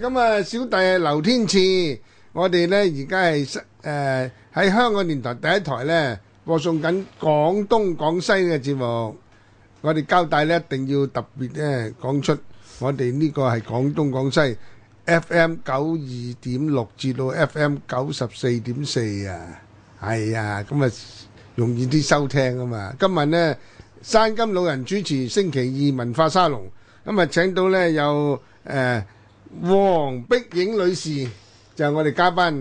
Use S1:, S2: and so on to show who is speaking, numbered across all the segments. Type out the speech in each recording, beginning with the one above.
S1: 咁啊，小弟劉天賜，我哋呢而家係誒喺香港電台第一台呢播送緊廣東廣西嘅節目，我哋交代呢一定要特別呢講出，我哋呢個係廣東廣西 F M 九二點六至到 F M 九十四點四啊，係啊，咁啊容易啲收聽啊嘛。今日呢山金老人主持星期二文化沙龍，咁啊請到呢有誒。王碧影女士就係、是、我哋嘉賓，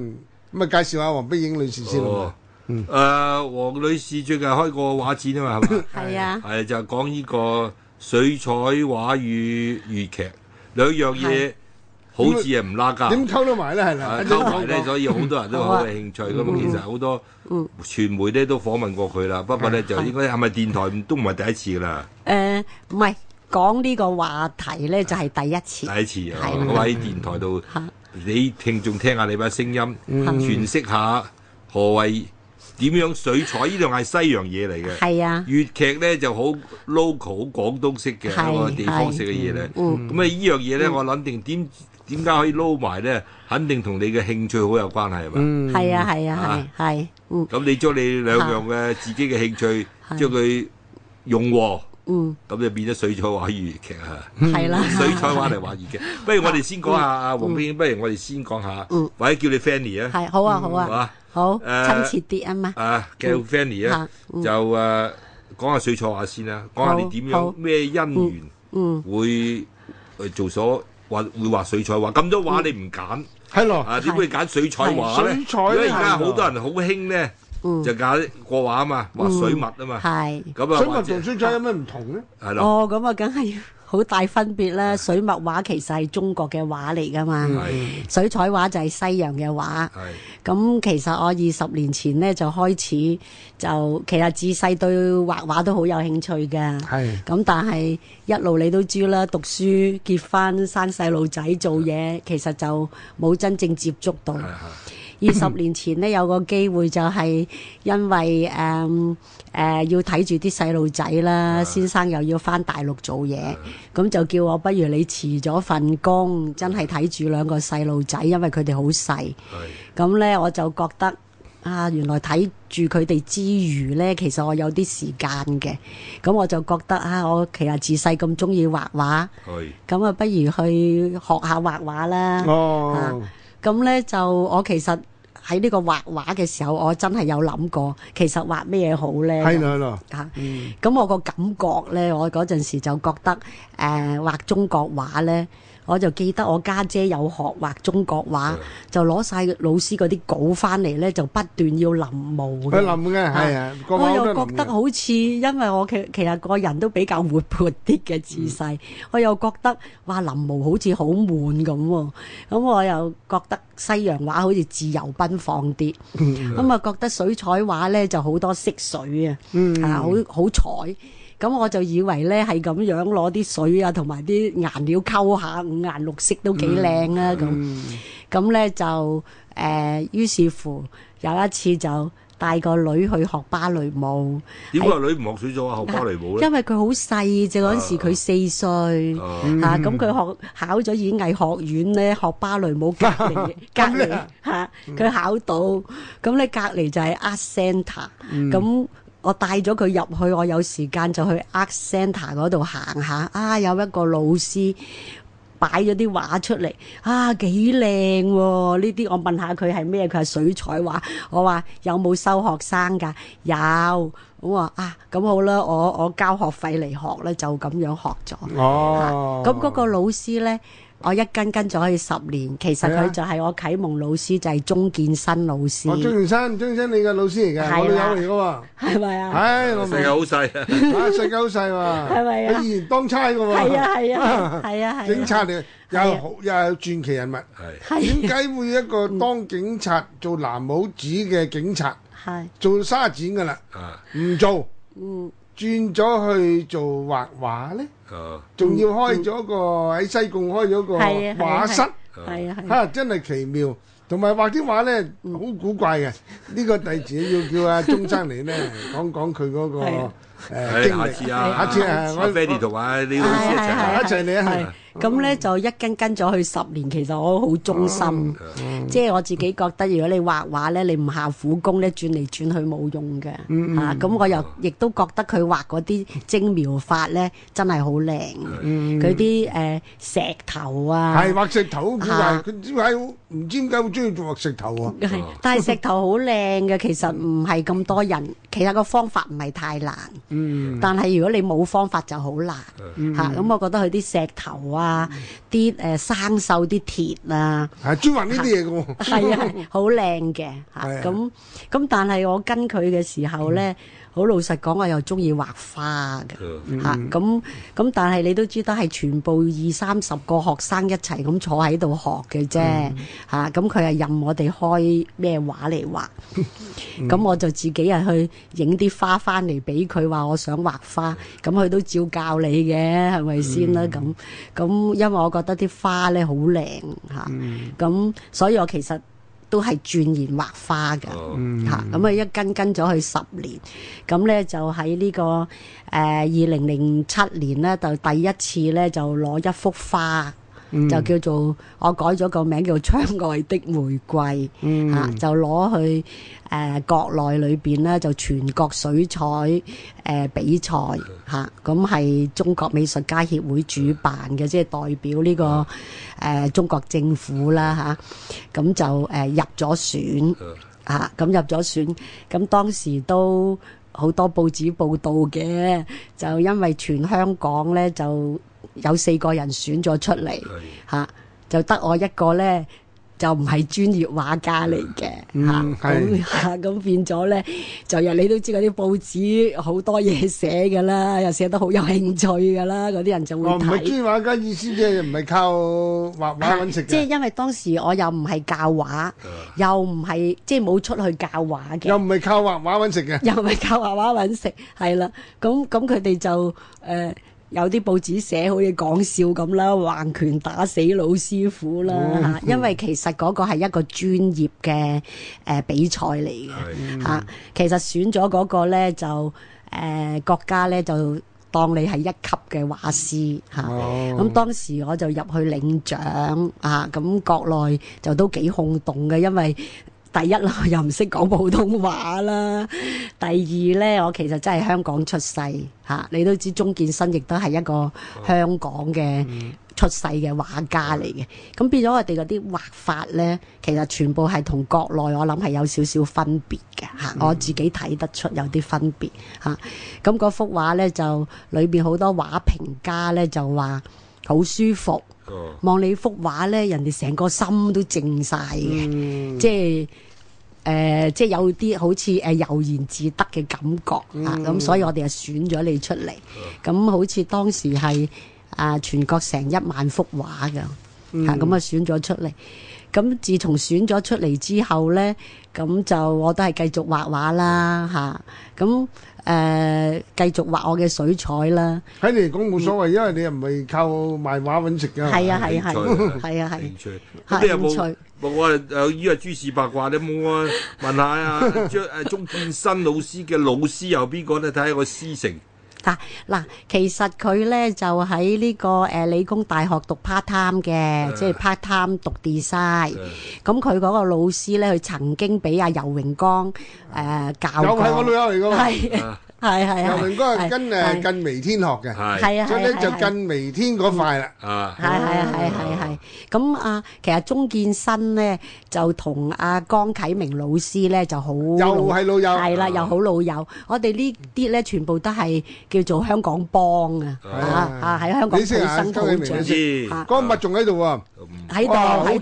S1: 咁啊介紹下王碧影女士先咯。
S2: 誒、哦，王、嗯呃、女士最近開過畫展啊嘛，係咪？係 啊。係、呃、就係講呢個水彩畫與粵劇兩樣嘢，因為 好似啊唔拉架。點溝到埋咧係啦？溝埋咧，所以好多人都好有興趣。咁、 嗯、其實好多傳媒咧都訪問過佢啦。不過咧就應該係咪電台都唔係第一次㗎啦？
S3: 誒、 呃，唔係。Uh, 講呢個話題呢，就係第一次。第一
S2: 次，我喺電台度，你聽眾聽下你把聲音，詮釋下何謂點樣水彩？呢樣係西洋嘢嚟嘅。係啊，粵劇呢就好 local，好廣東式嘅、地方式嘅嘢呢。咁啊，呢樣嘢呢，我諗定點點解可以撈埋呢？肯定同你嘅興趣好有關係啊嘛。係啊，係啊，係
S3: 係。咁你
S2: 將你兩樣嘅自己嘅興趣，將佢用合。嗯，咁就變咗水彩畫粵劇啊，係啦，水彩畫嚟畫粵劇。不如我哋先講下阿王碧影，不如我哋先講下，或者叫你 Fanny 啊。係，
S3: 好啊，好啊，好親切啲啊嘛。
S2: 啊，叫 Fanny 啊，就誒講下水彩畫先啦，講下你點樣咩姻緣，嗯，會誒做咗畫，會畫水彩畫。咁多畫你唔揀，
S3: 係咯，啊，點會揀水彩畫咧？
S2: 因為而家好多人好興咧。嗯、就搞啲國畫啊嘛，畫水墨啊嘛，咁啊是，水墨同水
S1: 彩有咩唔同
S2: 咧？係咯？
S3: 哦，咁啊，梗係好大分別啦！水墨畫其實係中國嘅畫嚟噶嘛，水彩畫就係西洋嘅畫。咁是其實我二十年前咧就開始就，其實自細對畫畫都好有興趣噶。咁是但係一路你都知啦，讀書、結婚、生細路仔、做嘢，是其實就冇真正接觸到。二十年前呢，有個機會就係因為誒誒要睇住啲細路仔啦，先生又要返大陸做嘢，咁就叫我不如你辭咗份工，真係睇住兩個細路仔，因為佢哋好細。咁呢，我就覺得啊，原來睇住佢哋之餘呢，其實我有啲時間嘅。咁我就覺得啊，我其實自細咁鍾意畫畫，咁啊不如去學下畫畫啦。哦，咁呢就我其實。喺呢個畫畫嘅時候，我真係有諗過，其實畫咩嘢好咧？係咯，係咯嚇。咁、 嗯、我個感覺咧，我嗰陣時就覺得誒、呃、畫中國畫咧。我就記得我家姐，姐有學畫中國畫，的就攞晒老師嗰啲稿翻嚟呢，就不斷要臨摹。佢臨嘅係啊，我又覺得好似，因為我其其實個人都比較活潑啲嘅姿勢，嗯、我又覺得哇臨摹好似好悶咁喎。咁我又覺得西洋畫好似自由奔放啲，咁啊 覺得水彩畫呢就好多色水啊，啊、嗯、好好彩。咁我就以為咧係咁樣攞啲水啊，同埋啲顏料溝下，五顏六色都幾靚啊！咁咁咧就誒，於是乎有一次就帶個女去學芭蕾舞。點解個女
S2: 唔學水咗學芭蕾舞咧？因為
S3: 佢好細就嗰陣時佢四歲啊，咁佢學考咗演藝學院咧，學芭蕾舞，隔離隔離嚇，佢 考到，咁咧隔離就係阿 Santa 咁。嗯嗯我帶咗佢入去，我有時間就去 Art Centre 嗰度行下。啊，有一個老師擺咗啲畫出嚟，啊幾靚喎！呢啲我問下佢係咩，佢係水彩畫。我話有冇收學生㗎？有，我話啊，咁好啦，我我交學費嚟學咧，就咁樣學咗。哦，咁嗰、啊、個老師咧。我一跟跟咗佢十年，其實佢就係我啟蒙老師，就係鍾建新老師。鍾建新，鍾建新你嘅老師嚟嘅，我老友嚟嘅喎，
S2: 係咪啊？係，世界好細，世界好細喎。係咪啊？以前
S1: 當差嘅喎。係啊係啊係啊係。警察嚟，又又有傳奇人物。係。點解會一個當警察做藍帽子嘅警察，係做沙展嘅啦？唔做。轉咗去做畫畫呢，仲、oh. 要開咗個喺、嗯、西貢開咗個畫室，吓、啊、真係奇妙。同埋畫啲畫呢，好古怪嘅，呢、呢個弟子要叫阿
S3: 鍾生嚟呢，講講佢嗰個。係，下次啊，
S2: 啊，阿 Freddy 同埋呢位先
S3: 生一齊嚟，咁咧就一跟跟咗佢十年，其實我好忠心，即係我自己覺得，如果你畫畫咧，你唔下苦功咧，轉嚟轉去冇用嘅。啊，咁我又亦都覺得佢畫嗰啲精描法咧，真係好靚。佢啲誒石頭啊，係畫石
S1: 頭，佢係佢唔知點解好知中意做畫石頭啊！
S3: 但係石頭好靚嘅，其實唔係咁多人，其實個方法唔係太難。嗯，但係如果你冇方法就好難，吓咁，我覺得佢啲石頭啊，啲誒、嗯、生鏽啲鐵啊，係專門呢啲嘢嘅，係啊，好靚嘅吓，咁咁但係我跟佢嘅時候咧。嗯好老實講，我又中意畫花嘅嚇，咁咁、嗯啊、但係你都知得係全部二三十個學生一齊咁坐喺度學嘅啫嚇，咁佢係任我哋開咩畫嚟畫，咁、嗯啊、我就自己係去影啲花翻嚟俾佢話我想畫花，咁佢、嗯啊、都照教你嘅，係咪先啦？咁咁、嗯啊、因為我覺得啲花咧好靚嚇，咁、啊嗯啊啊、所以我其實，都係鑽研畫花嘅。嚇咁啊一跟跟咗佢十年，咁咧就喺、這個呃、呢個誒二零零七年咧就第一次咧就攞一幅花。就叫做我改咗個名叫《窗外的玫瑰》， 啊，就攞去誒、呃、國內裏邊咧，就全國水彩誒、呃、比賽吓，咁、啊、係中國美術家協會主辦嘅， 即係代表呢、這個誒、呃、中國政府啦吓，咁就誒入咗選啊，咁、嗯啊嗯呃、入咗選，咁、啊嗯、當時都好多報紙報道嘅，就因為全香港咧就。就有四個人選咗出嚟嚇，就得英文我一個咧，就唔係專業畫家嚟嘅嚇。咁嚇咁變咗咧，就又 s Stress 你都知嗰啲報紙好多嘢寫噶啦，又寫得好有興趣噶啦，嗰啲人就會睇。唔係專業畫家意思即係唔係靠畫畫揾食嘅？即係、啊就是、因為當時我又唔係教畫，英文又唔係即係冇出去教畫嘅。又
S1: 唔係靠畫畫揾食嘅。 又唔係
S3: 靠畫畫揾食，係啦。咁咁佢哋就誒。呃有啲報紙寫好似講笑咁啦，橫拳打死老師傅啦嚇！ 因為其實嗰個係一個專業嘅誒、呃、比賽嚟嘅嚇， 其實選咗嗰個呢就誒、呃、國家呢，就當你係一級嘅畫師嚇，咁、啊、 當時我就入去領獎啊，咁國內就都幾轟動嘅，因為。第一啦，又唔識講普通話啦。第二呢，我其實真係香港出世嚇、啊，你都知鍾建新亦都係一個香港嘅出世嘅畫家嚟嘅。咁變咗我哋嗰啲畫法呢，其實全部係同國內我諗係有少少分別嘅嚇、啊，我自己睇得出有啲分別嚇。咁、啊、嗰幅畫呢，就裏邊好多畫評家呢就話，好舒服，望你幅畫咧，人哋成個心都靜晒嘅即係誒，即係有啲好似誒悠然自得嘅感覺吓，咁、嗯啊、所以我哋啊選咗你出嚟，咁、嗯嗯、好似當時係啊全國成一萬幅畫嘅吓，咁啊、嗯、就選咗出嚟。咁自從選咗出嚟之後咧，咁就我都係繼續畫畫啦，嚇對！咁誒、啊呃、繼續畫我嘅水彩啦。
S1: 喺你嚟講冇所謂，嗯、因為你又唔係靠賣畫揾食㗎。係啊係係係啊係。興趣、啊。興、啊、趣。有
S2: 冇？趣？我係有依個諸事八卦你冇啊？問下啊張誒鍾建新老師嘅老師，老師由邊個咧？睇下個師承。
S3: 嗱嗱、啊，其實佢咧就喺呢、這個誒、呃、理工大學讀 part time 嘅，啊、即係 part time 讀 design、啊。咁佢嗰個老師咧，佢曾經俾阿游榮光誒教過。係我老友嚟㗎。是啊
S1: 係係，游明哥係跟誒近微天學嘅，所以咧就近微天嗰塊啦。係
S3: 係係係係。咁啊，其實鍾建新咧就同阿江啟明老師咧就好，又係老友，係啦，又好老友。我哋呢啲咧全部都係叫做香港幫啊，嚇嚇喺香港。你先啊，江啟明
S1: 老師，江個仲喺度啊，喺度好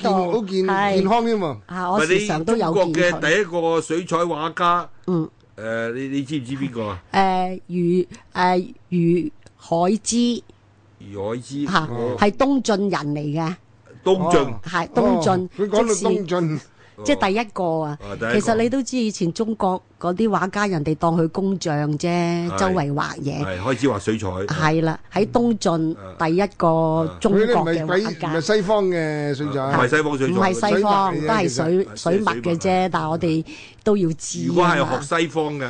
S1: 健好健健康添喎。
S3: 嚇，我哋時常都有健康。
S2: 中國嘅第一個水彩畫家。嗯。誒你你知唔知邊個
S3: 啊？誒虞誒虞海之，
S2: 虞海之吓，係是、哦、
S3: 東晉人嚟嘅進、哦。東晉。係、哦、是東晉，佢講到東晉。即係第一個啊！個其實你都知以前中國嗰啲畫家人哋當佢工匠啫，對周圍畫嘢。係
S2: 開始畫水彩。
S3: 係啦，喺東晉第一個中國嘅畫家。唔係、啊啊啊
S1: 啊欸、西方嘅水彩，唔係、啊、西方水彩，唔
S3: 係西方，麥哦、都係水實水墨嘅啫。但係我哋都要知。如果係學西方嘅。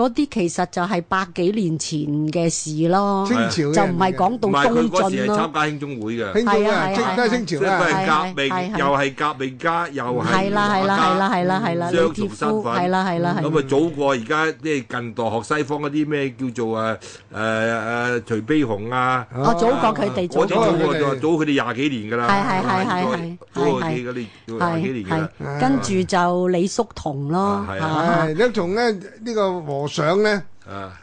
S3: 嗰啲其實就係百幾年前嘅事咯，清朝嘅就唔係講到東晉咯。唔係佢嗰時係參
S2: 加興中會嘅，興中因為即係清朝咧，又係革命，又係革命家，又係唔同嘅階級，唔同身份。係啦係啦係啦係啦係啦，李鐵夫係啦係啦。咁啊早過而家即係近代學西方嗰啲咩叫做啊誒誒徐悲鴻啊。我早過佢哋，我早過佢早佢哋廿幾年㗎啦。係係係係係。早幾年嗰啲，早佢哋廿
S3: 幾年
S2: 㗎啦。
S3: 係跟住就李叔同咯。係啊，
S1: 李叔同咧呢個和。想咧，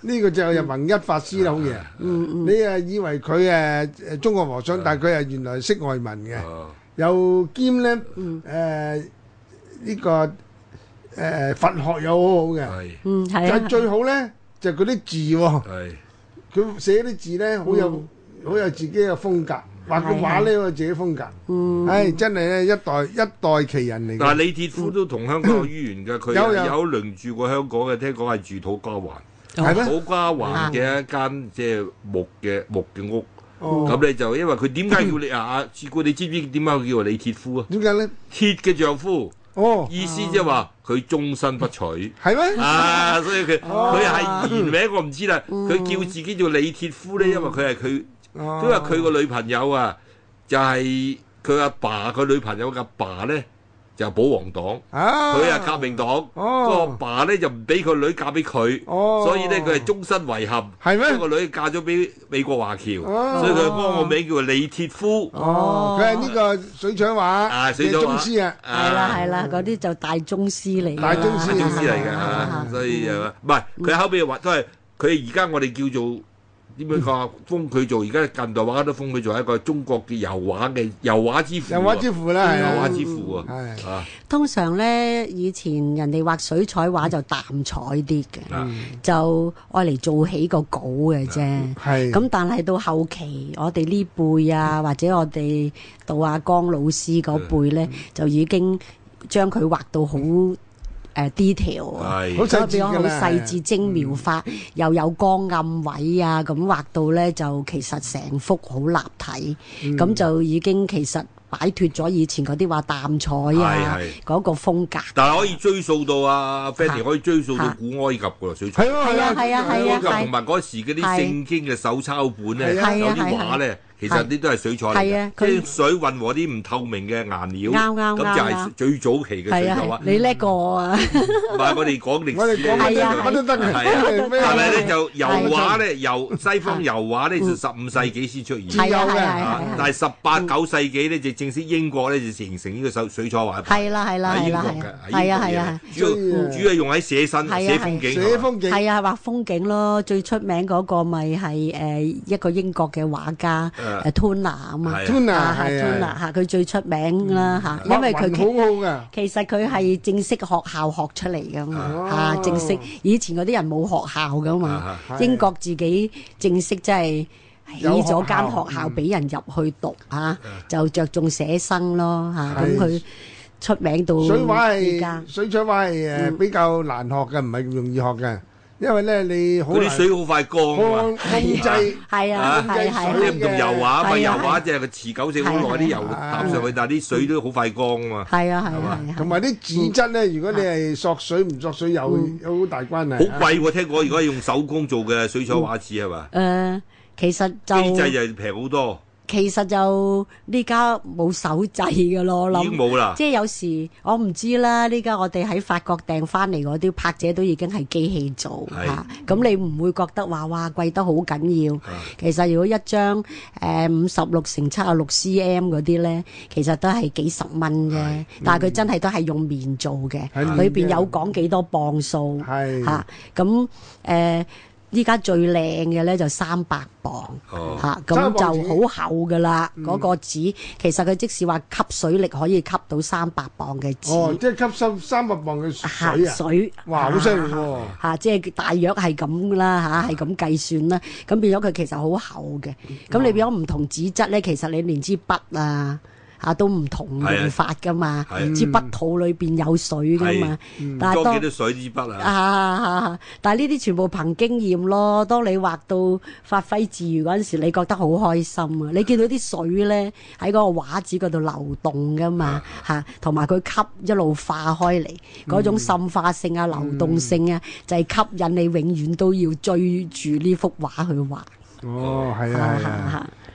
S1: 呢個就係文一法師啦，好嘢。你啊以為佢誒誒中國和尚，但係佢係原來識外文嘅，又兼咧誒呢個誒佛學又好好嘅。嗯，係啊。但係最好咧就係佢啲字喎，佢寫啲字咧好有好有自己嘅風格。畫個畫呢佢自己風格，唉，真係咧一代一代奇人嚟。但係李鐵夫都
S2: 同香港有淵源嘅，佢有有輪住過香港嘅，聽講係住土瓜灣，土瓜灣嘅一間即係木嘅木嘅屋，咁你就因為佢點解叫你啊？阿志顧，你知唔知點解佢叫李鐵夫啊？點解咧？鐵嘅丈夫哦，意思即係話佢終身不娶，係咩？啊，所以佢佢係原名我唔知啦，佢叫自己叫李鐵夫咧，因為佢係佢。因為佢個女朋友啊，就係佢阿爸，佢女朋友嘅爸咧就保皇黨，佢啊革命黨，個爸咧就唔俾佢女嫁俾佢，所以咧佢係終身遺憾。係咩？個女嫁咗俾美國華僑，所以佢幫個名叫李鐵夫。哦，佢係呢個水彩畫啊，水彩畫宗師啊，係啦係啦，
S3: 嗰啲就大宗師嚟。大宗師，宗師嚟
S2: 㗎，所以係唔係佢後邊都係佢而家我哋叫做。點樣講封佢做？而家、嗯、近代畫家都封佢做一個中國嘅油畫嘅油畫之父。油畫之父啦，油畫之父啊！
S3: 通常咧，以前人哋畫水彩畫就淡彩啲嘅，嗯、就愛嚟做起個稿嘅啫。咁、嗯、但係到後期，我哋呢輩啊，嗯、或者我哋杜阿江老師嗰輩咧，嗯、就已經將佢畫到好。嗯誒 detail，代表好細緻精描法，又有光暗位啊！咁畫到咧就其實成幅好立體，咁就已經其實擺脫咗以前嗰啲話淡彩啊嗰個風格。
S2: 但係可以追溯到阿 Freddy，可以追溯到古埃及噶水彩。係啊係啊係啊係啊！古埃及同埋嗰時嗰啲聖經嘅手抄本咧，有啲畫咧。其實啲都係水彩嚟嘅，啲水混和啲唔透明嘅顏料，咁就係最早期嘅水彩畫。你
S3: 叻過啊！
S2: 唔係我哋講歷史，我都得嘅。係咪咧？就油畫咧，油西方油畫咧，就十五世紀先出現。但係十八九世紀咧，就正式英國咧就形成呢個手水彩畫。係啦係
S3: 啦係啦，係啊係啊，主要主
S2: 要用喺寫生寫風景，寫
S3: 風景。係啊，畫風景咯。最出名嗰個咪係誒一個英國嘅畫家。啊，Tuna 啊嘛，Tuna 係 Tuna 嚇，佢最出名啦嚇，因為佢好好其其實佢係正式學校學出嚟噶嘛嚇，正式以前嗰啲人冇學校噶嘛，英國自己正式即係起咗間學校俾人入去讀嚇，就着重寫生咯嚇，咁佢出名到水畫係
S1: 水彩畫係誒比較難學嘅，唔係咁容易學嘅。因為咧，你嗰啲
S3: 水
S2: 好快乾啊！
S1: 控制係啊，
S2: 控制水唔同油畫，畫油畫即係持久性好耐，啲油搭上去，但係啲水都好快乾啊嘛。係
S1: 啊係啊，同埋啲紙質咧，如果你係索水唔索水，有
S3: 有好大關係。好
S2: 貴喎！聽講如果係用手工做嘅水彩畫紙係嘛？
S3: 誒，其實就機制就平好多。其實就呢家冇手製嘅咯，我諗，冇喇。即係有時我唔知啦。呢家我哋喺法國訂翻嚟嗰啲拍者都已經係機器做嚇，咁是、啊、你唔會覺得話哇貴得好緊要。是其實如果一張誒五十六乘七十六 cm 嗰啲呢，其實都係幾十蚊啫。是但係佢真係都係用棉做嘅，裏邊的有講幾多磅數嚇。咁誒是。啊依家最靚嘅咧就三百磅，嚇咁、哦啊、就好厚㗎啦。嗰、嗯、個紙其實佢即使話吸水力可以吸到三百磅嘅紙，哦、即
S1: 係吸收三百磅嘅水水，啊、水哇，好犀利喎！
S3: 即係、啊啊啊就是、大約係咁噶啦，嚇、啊，係咁、啊、計算啦。咁變咗佢其實好厚嘅。咁你變咗唔同紙質咧，其實你連支筆啊～嚇、啊、都唔同、啊、用法噶嘛，唔知、啊、筆肚裏邊有水噶嘛。啊、但當多幾多水
S2: 支筆啊！啊
S3: 啊啊但係呢啲全部憑經驗咯。當你畫到發揮自如嗰陣時，你覺得好開心啊！你見到啲水咧喺嗰個畫紙嗰度流動噶嘛嚇，同埋佢吸一路化開嚟，嗰種滲化性啊、嗯、啊、流動性啊，就係、是、吸引你永遠都要追住呢幅畫去畫。
S1: 哦，係啊！啊啊啊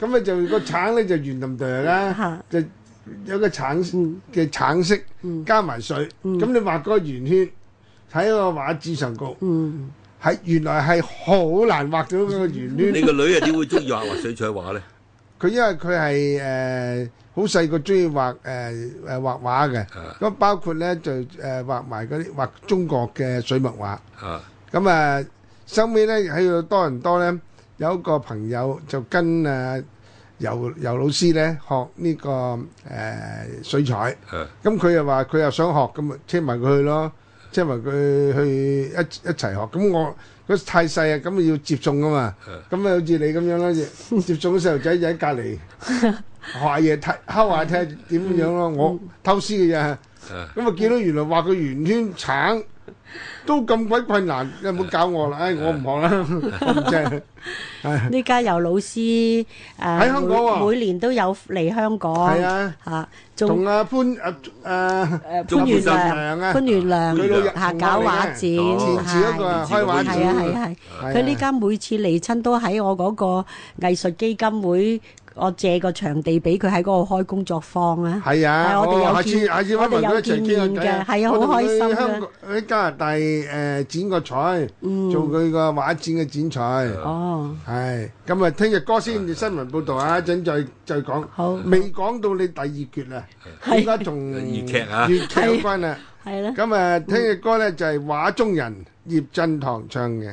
S1: 咁咪就、個橙咧就圓凼凼啦，就有個橙嘅橙色加埋水，咁你畫個圓圈喺個畫紙上高，係、嗯、原來係好難畫到個圓圈。你個女又點
S2: 會中意畫畫水彩畫咧？
S1: 佢因為佢係誒好細個中意畫誒誒畫畫嘅，咁包括咧就誒畫埋嗰啲畫中國嘅水墨畫，咁啊收尾咧喺度多人多咧。呃有一個朋友就跟啊游游老師咧學呢、這個誒、呃、水彩，咁佢又話佢又想學，咁咪車埋佢去咯，車埋佢去一一齊學。咁我佢太細啊，咁要接送噶嘛，咁啊好似你咁樣啦，接接送啲細路仔就喺隔籬學嘢，睇敲下睇點樣咯。我偷師嘅啫，咁、嗯、啊、嗯嗯、見到原來話佢圓圈橙。都咁鬼困難，你唔好搞我啦！唉，我唔學啦，唔
S3: 正。呢家由老師誒喺香港啊，每年都有嚟香港。係啊嚇，仲同阿潘誒誒，潘元亮潘元亮，去到日下搞畫展，係啊係啊係。佢呢家每次嚟親都喺我嗰個藝術基金會。我借個場地俾佢喺嗰度開工作坊啊！係啊，我哋下次下次可能都一齊傾下偈。係啊，好開心啊！
S1: 喺加拿大誒剪個彩，做佢個畫展嘅剪彩。哦，係。咁啊，聽日歌先，新聞報道啊，一陣再再講。好。未講到你第二決啦，而家仲粵劇啊，粵劇有關啊。係啦。咁啊，聽日歌咧就係畫中人葉振棠唱嘅。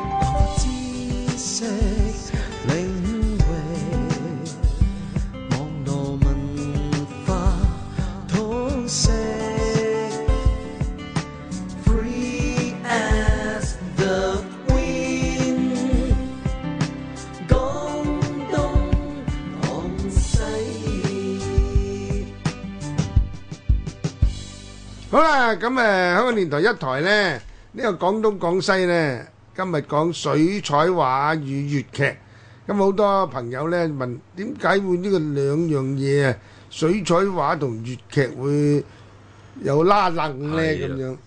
S1: 咁誒、嗯嗯，香港電台一台呢，呢、這個廣東廣西呢，今日講水彩畫與粵劇，咁、嗯、好多朋友呢問點解會呢個兩樣嘢啊？水彩畫同粵劇會有拉楞咧咁樣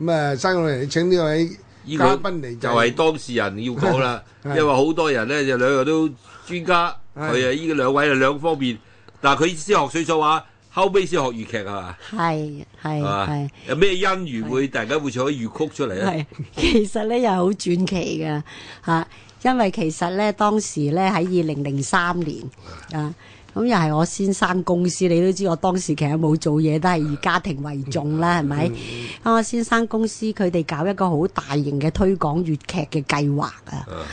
S1: 咁啊，生過嚟請呢位
S2: 嘉賓嚟就係當事人要講啦， 的因為好多人呢，就兩個都專家，佢啊呢個兩位啊兩方面，嗱，佢先學水彩畫。後尾先學粵劇係嘛？係
S3: 係係，吧
S2: 有咩姻緣會是大家會唱啲粵曲出嚟
S3: 咧？其實咧又好傳奇噶吓、啊，因為其實咧當時咧喺二零零三年啊。咁又係我先生公司，你都知我當時其實冇做嘢，都係以家庭為重啦，係咪？我先生公司佢哋搞一個好大型嘅推廣粵劇嘅計劃啊，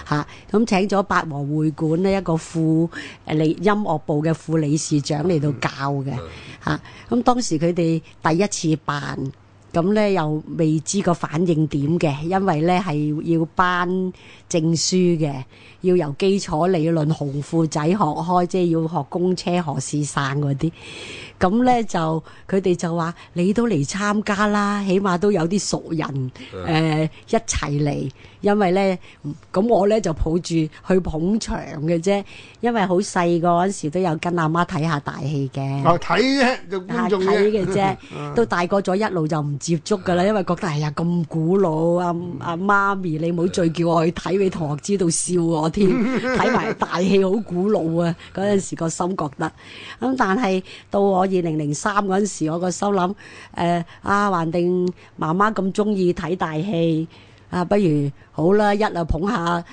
S3: 嚇、啊！咁請咗八和會館呢一個副誒理音樂部嘅副理事長嚟到教嘅，嚇！咁當時佢哋第一次辦。咁咧又未知個反應點嘅，因為咧係要頒證書嘅，要由基礎理論紅褲仔學開，即係要學工尺合士上嗰啲。咁咧就佢哋就話：你都嚟參加啦，起碼都有啲熟人誒、啊呃、一齊嚟。因為咧咁我咧就抱住去捧場嘅啫，因為好細個嗰時都有跟阿媽睇下大戲嘅。哦、啊，睇嘅啫，觀眾嘅啫、啊，都大個咗、 啊、一路就唔～接觸㗎啦，因為覺得哎呀咁古老啊！阿媽咪，你唔好再叫我去睇畀同學知道笑我添，睇埋大戲好古老啊！嗰陣時個心覺得，咁但係到我二零零三嗰陣時，我個心諗誒啊，橫掂媽媽咁鍾意睇大戲啊，不如好啦，一路捧下。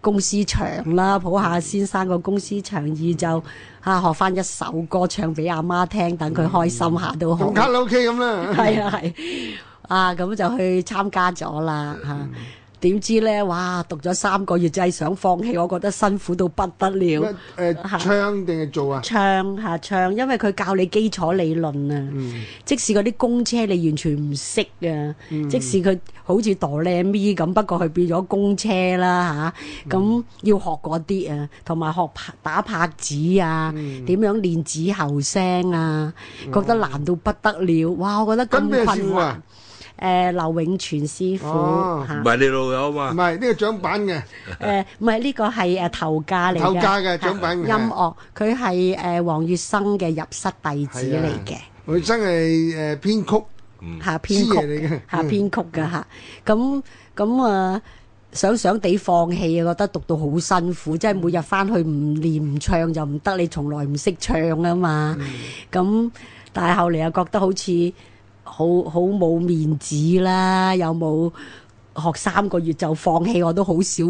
S3: 公司場啦，抱下先生個公司場意，意就嚇學翻一首歌唱俾阿媽聽，等佢開心下都好。卡拉、嗯、OK 咁啦，係啊係啊，咁就去參加咗啦嚇。啊點知呢？哇！讀咗三個月，真係想放棄。我覺得辛苦到不得了。誒、呃，唱定係做啊？唱嚇唱，因為佢教你基礎理論啊。嗯、即使嗰啲公車你完全唔識啊，嗯、即使佢好似哆唻咪咁，不過佢變咗公車啦嚇。咁、啊嗯、要學嗰啲啊，同埋學拍打拍子啊，點、嗯、樣練子喉聲啊？嗯、覺得難到不得了。哇！我覺得咁困難。誒，劉永全師傅，唔
S2: 係你老友嘛？唔
S3: 係呢個獎品嘅。誒唔係呢個係，誒頭家嚟嘅。頭家嘅獎品。音樂，佢係誒黃月生嘅入室弟子嚟嘅。
S1: 佢真係誒編曲，下編曲嚟嘅，下編
S3: 曲嘅嚇。咁咁啊，想想地放棄啊，覺得讀到好辛苦，即係每日翻去唔練唔唱就唔得，你從來唔識唱啊嘛。咁但係後嚟又覺得好似。好好冇面子啦！有冇學三個月就放棄，我都好少。